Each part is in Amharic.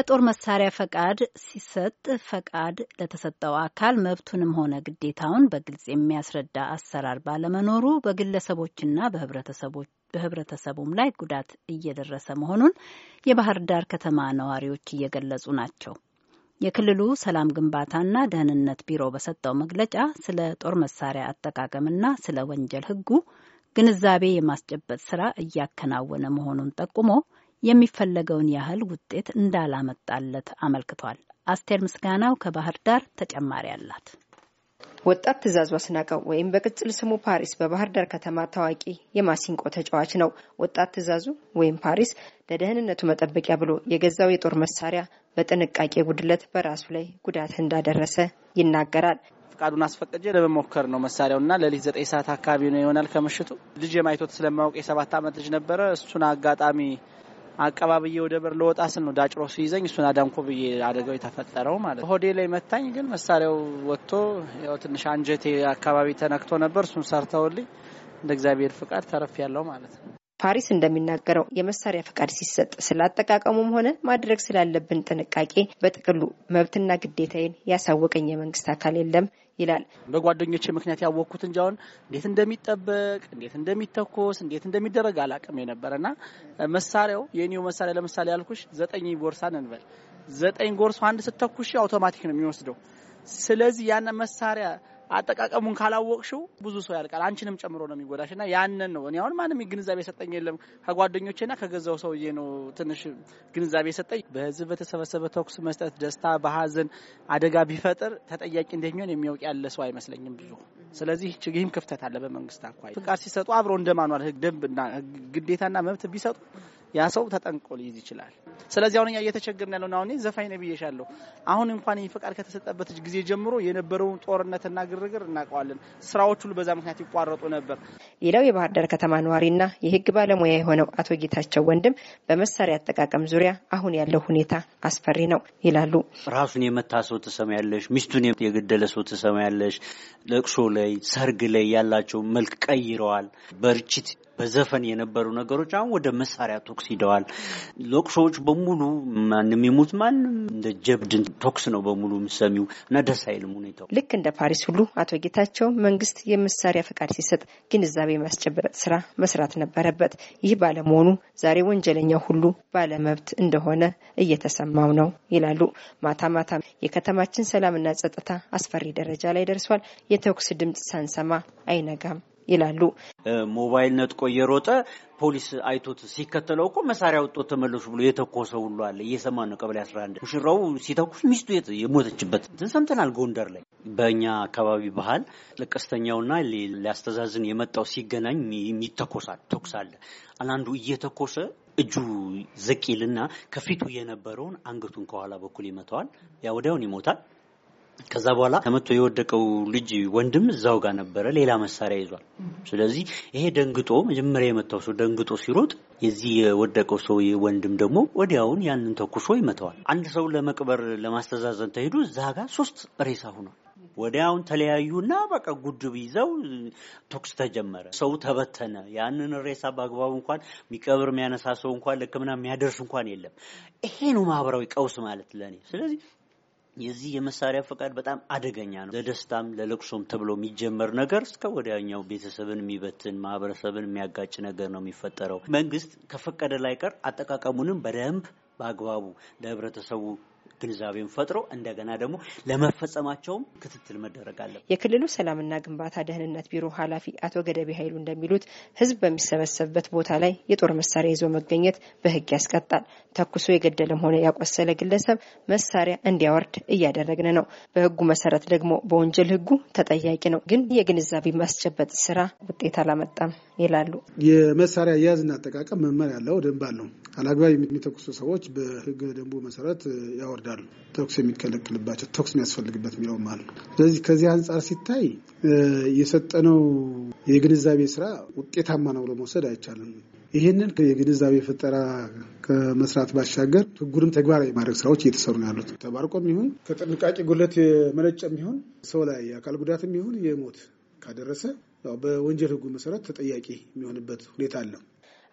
የጦር መሳሪያ ፈቃድ ሲሰጥ ፈቃድ ለተሰጠው አካል መብቱንም ሆነ ግዴታውን በግልጽ የሚያስረዳ አሰራር ባለመኖሩ በግለሰቦችና በህብረተሰቡም ላይ ጉዳት እየደረሰ መሆኑን የባህር ዳር ከተማ ነዋሪዎች እየገለጹ ናቸው። የክልሉ ሰላም ግንባታና ደህንነት ቢሮ በሰጠው መግለጫ ስለ ጦር መሳሪያ አጠቃቀምና ስለ ወንጀል ህጉ ግንዛቤ የማስጨበጥ ስራ እያከናወነ መሆኑን ጠቁሞ የሚፈለገውን ያህል ውጤት እንዳላመጣለት አመልክቷል። አስቴር ምስጋናው ከባህር ዳር ተጨማሪ አላት። ወጣት ትእዛዙ አስናቀው ወይም በቅጽል ስሙ ፓሪስ በባህር ዳር ከተማ ታዋቂ የማሲንቆ ተጫዋች ነው። ወጣት ትእዛዙ ወይም ፓሪስ ለደህንነቱ መጠበቂያ ብሎ የገዛው የጦር መሳሪያ በጥንቃቄ ጉድለት በራሱ ላይ ጉዳት እንዳደረሰ ይናገራል። ፈቃዱን አስፈቅጄ ለመሞከር ነው መሳሪያውና ለሊት ዘጠኝ ሰዓት አካባቢ ነው ይሆናል ከምሽቱ ልጅ የማይቶት ስለማወቅ የሰባት ዓመት ልጅ ነበረ። እሱን አጋጣሚ አቀባብዬ ወደ በር ለወጣ ስል ነው ዳጭሮ ሲይዘኝ እሱን አዳንኮ ብዬ አደጋው የተፈጠረው ማለት ሆዴ ላይ መታኝ። ግን መሳሪያው ወጥቶ ያው ትንሽ አንጀቴ አካባቢ ተነክቶ ነበር። እሱን ሰርተውልኝ እንደ እግዚአብሔር ፍቃድ ተረፍ ያለው ማለት ነው። ፓሪስ እንደሚናገረው የመሳሪያ ፈቃድ ሲሰጥ ስላጠቃቀሙም ሆነ ማድረግ ስላለብን ጥንቃቄ በጥቅሉ መብትና ግዴታዬን ያሳወቀኝ የመንግስት አካል የለም ይላል። በጓደኞቼ ምክንያት ያወቅኩት እንጂ አሁን እንዴት እንደሚጠበቅ እንዴት እንደሚተኮስ እንዴት እንደሚደረግ አላቅም የነበረ እና መሳሪያው የኒው መሳሪያ ለምሳሌ ያልኩሽ ዘጠኝ ጎርሳን እንበል ዘጠኝ ጎርሶ አንድ ስተኩሽ አውቶማቲክ ነው የሚወስደው። ስለዚህ ያን መሳሪያ አጠቃቀሙን ካላወቅሽው ብዙ ሰው ያልቃል፣ አንቺንም ጨምሮ ነው የሚጎዳሽ። እና ያንን ነው እኔ አሁን ማንም ግንዛቤ የሰጠኝ የለም ከጓደኞቼና ከገዛው ሰውዬ ነው ትንሽ ግንዛቤ የሰጠኝ። በህዝብ በተሰበሰበ ተኩስ መስጠት ደስታ በሀዘን አደጋ ቢፈጥር ተጠያቂ እንደሚሆን የሚያውቅ ያለ ሰው አይመስለኝም ብዙ። ስለዚህ ችግኝ ክፍተት አለ በመንግስት አኳያ። ፍቃድ ሲሰጡ አብሮ እንደማኗል ደንብና ግዴታና መብት ቢሰጡ ያ ሰው ተጠንቆ ሊይዝ ይችላል። ስለዚህ አሁን እኛ እየተቸገርን ያለውን አሁን ዘፋኝ ነው ብዬሻለሁ። አሁን እንኳን ይህ ፈቃድ ከተሰጠበት ጊዜ ጀምሮ የነበረውን ጦርነትና ግርግር እናውቀዋለን። ስራዎች ሁሉ በዛ ምክንያት ይቋረጡ ነበር። ሌላው የባህር ዳር ከተማ ነዋሪና የህግ ባለሙያ የሆነው አቶ ጌታቸው ወንድም በመሳሪያ አጠቃቀም ዙሪያ አሁን ያለው ሁኔታ አስፈሪ ነው ይላሉ። ራሱን የመታ ሰው ትሰማያለሽ፣ ሚስቱን የገደለ ሰው ትሰማያለሽ። ለቅሶ ላይ ሰርግ ላይ ያላቸው መልክ ቀይረዋል። በርችት በዘፈን የነበሩ ነገሮች አሁን ወደ መሳሪያ ቱ ቶክስ ሂደዋል። ሎቅሶዎች በሙሉ ማንም የሙት ማንም እንደ ጀብድን ቶክስ ነው በሙሉ የምሰሚው እና ደስ አይልም ሁኔታው። ልክ እንደ ፓሪስ ሁሉ አቶ ጌታቸው መንግስት የመሳሪያ ፈቃድ ሲሰጥ ግንዛቤ ማስጨበጥ ስራ መስራት ነበረበት። ይህ ባለመሆኑ ዛሬ ወንጀለኛው ሁሉ ባለመብት እንደሆነ እየተሰማው ነው ይላሉ። ማታ ማታ የከተማችን ሰላምና ጸጥታ አስፈሪ ደረጃ ላይ ደርሷል። የተኩስ ድምፅ ሳንሰማ አይነጋም ይላሉ። ሞባይል ነጥቆ እየሮጠ ፖሊስ አይቶት ሲከተለው እኮ መሳሪያ ወጦ ተመለሱ ብሎ የተኮሰ ሁሉ አለ። እየሰማ ነው። ቀበሌ 11 ሙሽራው ሲተኩስ ሚስቱ የሞተችበት እንትን ሰምተናል። ጎንደር ላይ በእኛ አካባቢ ባህል ቀስተኛውና ሊያስተዛዝን የመጣው ሲገናኝ ይተኮሳል። ተኩስ አለ። አንዱ እየተኮሰ እጁ ዝቅ ይልና ከፊቱ የነበረውን አንገቱን ከኋላ በኩል ይመተዋል። ያ ወዲያውን ይሞታል። ከዛ በኋላ ተመቶ የወደቀው ልጅ ወንድም እዛው ጋር ነበረ፣ ሌላ መሳሪያ ይዟል። ስለዚህ ይሄ ደንግጦ መጀመሪያ የመታው ሰው ደንግጦ ሲሮጥ የዚህ የወደቀው ሰው ወንድም ደግሞ ወዲያውን ያንን ተኩሶ ይመታዋል። አንድ ሰው ለመቅበር ለማስተዛዘን ተሄዱ፣ እዛ ጋር ሶስት ሬሳ ሆኗል። ወዲያውን ተለያዩና በቃ ጉድብ ይዘው ተኩስ ተጀመረ። ሰው ተበተነ። ያንን ሬሳ በአግባቡ እንኳን የሚቀብር የሚያነሳ ሰው እንኳን ለሕክምና የሚያደርስ እንኳን የለም። ይሄ ነው ማህበራዊ ቀውስ ማለት ለእኔ። ስለዚህ የዚህ የመሳሪያ ፈቃድ በጣም አደገኛ ነው። ለደስታም ለለቅሶም ተብሎ የሚጀመር ነገር እስከ ወዲያኛው ቤተሰብን የሚበትን ማህበረሰብን የሚያጋጭ ነገር ነው የሚፈጠረው። መንግስት ከፈቀደ ላይ ቀር አጠቃቀሙንም በደንብ በአግባቡ ለህብረተሰቡ ግንዛቤን ፈጥሮ እንደገና ደግሞ ለመፈጸማቸውም ክትትል መደረግ አለ። የክልሉ ሰላምና ግንባታ ደህንነት ቢሮ ኃላፊ አቶ ገደቤ ኃይሉ እንደሚሉት ህዝብ በሚሰበሰብበት ቦታ ላይ የጦር መሳሪያ ይዞ መገኘት በህግ ያስቀጣል። ተኩሶ የገደለም ሆነ ያቆሰለ ግለሰብ መሳሪያ እንዲያወርድ እያደረግን ነው። በህጉ መሰረት ደግሞ በወንጀል ህጉ ተጠያቂ ነው። ግን የግንዛቤ ማስጨበጥ ስራ ውጤት አላመጣም ይላሉ። የመሳሪያ አያያዝና አጠቃቀም መመሪያ ያለው ደንብ አለው። አላግባብ የሚተኩሱ ሰዎች በህገ ደንቡ መሰረት ያወርዳል። ይወስዳሉ። ተኩስ የሚከለክልባቸው ተኩስ የሚያስፈልግበት የሚለውም አለ። ስለዚህ ከዚህ አንጻር ሲታይ የሰጠነው የግንዛቤ ስራ ውጤታማ ነው ብሎ መውሰድ አይቻልም። ይህንን የግንዛቤ ፈጠራ ከመስራት ባሻገር ህጉንም ተግባራዊ ማድረግ ስራዎች እየተሰሩ ነው ያሉት። ተባርቆም ይሁን ከጥንቃቄ ጉለት የመነጨም ይሁን ሰው ላይ የአካል ጉዳትም ይሁን የሞት ካደረሰ በወንጀል ህጉ መሰረት ተጠያቂ የሚሆንበት ሁኔታ አለ።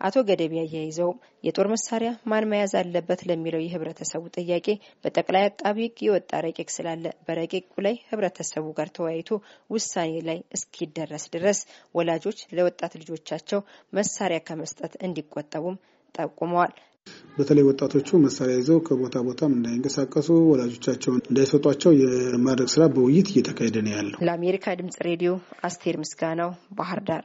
አቶ ገደቢ አያይዘው የጦር መሳሪያ ማን መያዝ አለበት ለሚለው የህብረተሰቡ ጥያቄ በጠቅላይ አቃቢ ህግ የወጣ ረቂቅ ስላለ በረቂቁ ላይ ህብረተሰቡ ጋር ተወያይቶ ውሳኔ ላይ እስኪደረስ ድረስ ወላጆች ለወጣት ልጆቻቸው መሳሪያ ከመስጠት እንዲቆጠቡም ጠቁመዋል። በተለይ ወጣቶቹ መሳሪያ ይዘው ከቦታ ቦታም እንዳይንቀሳቀሱ ወላጆቻቸውን እንዳይሰጧቸው የማድረግ ስራ በውይይት እየተካሄደ ነው ያለው። ለአሜሪካ ድምጽ ሬዲዮ አስቴር ምስጋናው ባህር ዳር